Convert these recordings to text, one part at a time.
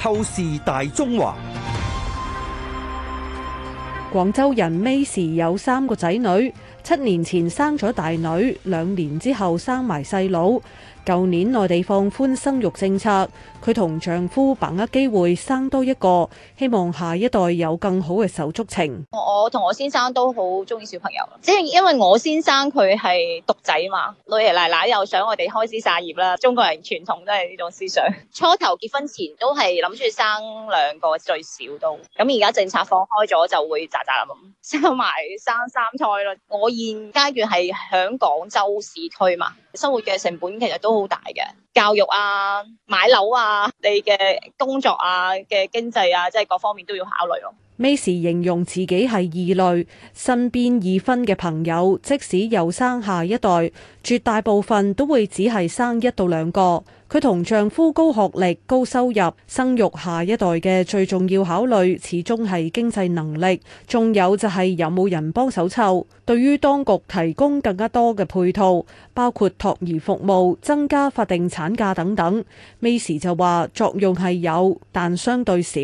透視大中華，廣州人 Macy 有三個仔女，七年前生咗大女，兩年之後生埋細佬。舊年內地放寬生育政策，佢同丈夫把握機會生多一個，希望下一代有更好嘅手足情。我同我先生都好中意小朋友，即係因為我先生佢係獨仔嘛，老爺奶奶又想我哋開始散葉啦。中國人傳統都係呢種思想。初頭結婚前都係諗住生兩個最少都，咁而家政策放開咗就會喳喳咁生埋生三胎啦。我現階段係響廣州市區嘛，生活嘅成本其實都都好大嘅，教育啊、買樓啊、你嘅工作啊、嘅經濟啊，即係各方面都要考慮咯。尾時 形容自己係異類，身邊已婚嘅朋友，即使有生下一代，絕大部分都會只係生一到兩個。佢同丈夫高學歷、高收入，生育下一代嘅最重要考慮，始終係經濟能力，仲有就係有冇人幫手湊。對於當局提供更加多嘅配套，包括託兒服務、增加法定產假等等，尾時就話作用係有，但相對少。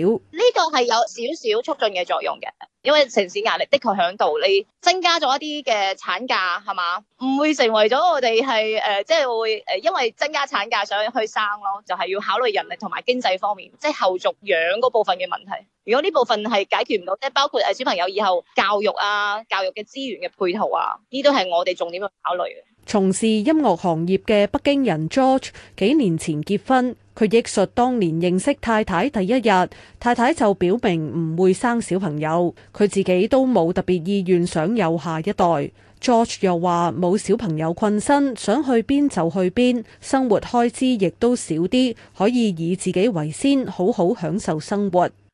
呢個係有少少促進嘅作用嘅，因為城市壓力的確喺度，你增加咗一啲嘅產假係嘛，唔會成為咗我哋係誒，即、呃、係、就是、會誒，因為增加產假想去生咯，就係、是、要考慮人力同埋經濟方面，即、就、係、是、後續養嗰部分嘅問題。如果呢部分係解決唔到，即係包括誒小朋友以後教育啊、教育嘅資源嘅配套啊，呢都係我哋重點去考慮嘅。從事音樂行業嘅北京人 George 幾年前結婚。佢憶述當年認識太太第一日，太太就表明唔會生小朋友，佢自己都冇特別意願想有下一代。George 又話冇小朋友困身，想去邊就去邊，生活開支亦都少啲，可以以自己為先，好好享受生活。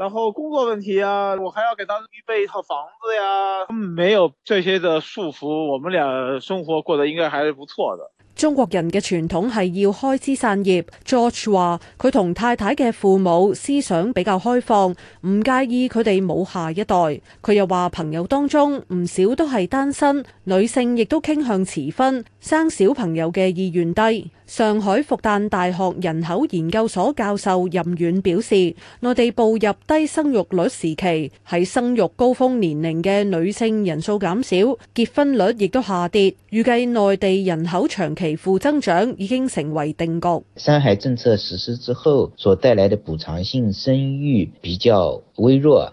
然後工作問題啊，我還要給他預備一套房子呀、啊。沒有這些的束縛，我們倆生活過得應該還是不錯的。中國人嘅傳統係要開枝散葉。George 話，佢同太太嘅父母思想比較開放，唔介意佢哋冇下一代。佢又話，朋友當中唔少都係單身，女性亦都傾向遲婚，生小朋友嘅意願低。上海復旦大學人口研究所教授任遠表示，內地步入低生育率時期，喺生育高峰年齡嘅女性人數減少，結婚率亦都下跌，預計內地人口長期負增長已經成為定局。三孩政策實施之後所帶來的補償性生育比較微弱。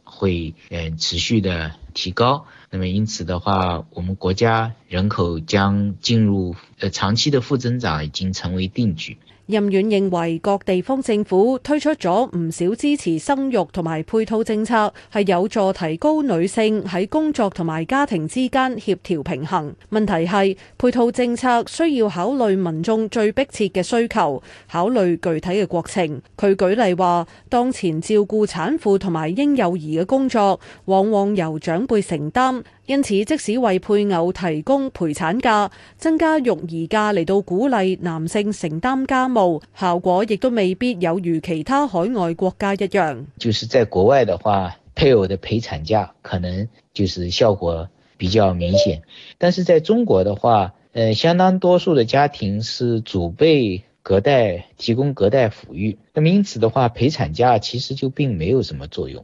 會持續的提高，那麼因此的話，我們國家人口將進入呃長期的負增長已經成為定局。任遠認為，各地方政府推出咗唔少支持生育同埋配套政策，係有助提高女性喺工作同埋家庭之間協調平衡。問題係配套政策需要考慮民眾最迫切嘅需求，考慮具體嘅國情。佢舉例話，當前照顧產婦同埋嬰幼兒嘅。工作往往由長輩承擔，因此即使為配偶提供陪產假、增加育兒假嚟到鼓勵男性承擔家務，效果亦都未必有如其他海外國家一樣。就是在國外的話，配偶的陪產假可能就是效果比較明顯，但是在中國的話，嗯、呃，相當多數的家庭是祖輩隔代提供隔代撫育，那麼因此的話，陪產假其實就並沒有什麼作用。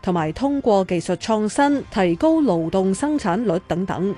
同埋通過技術創新，提高勞動生產率等等。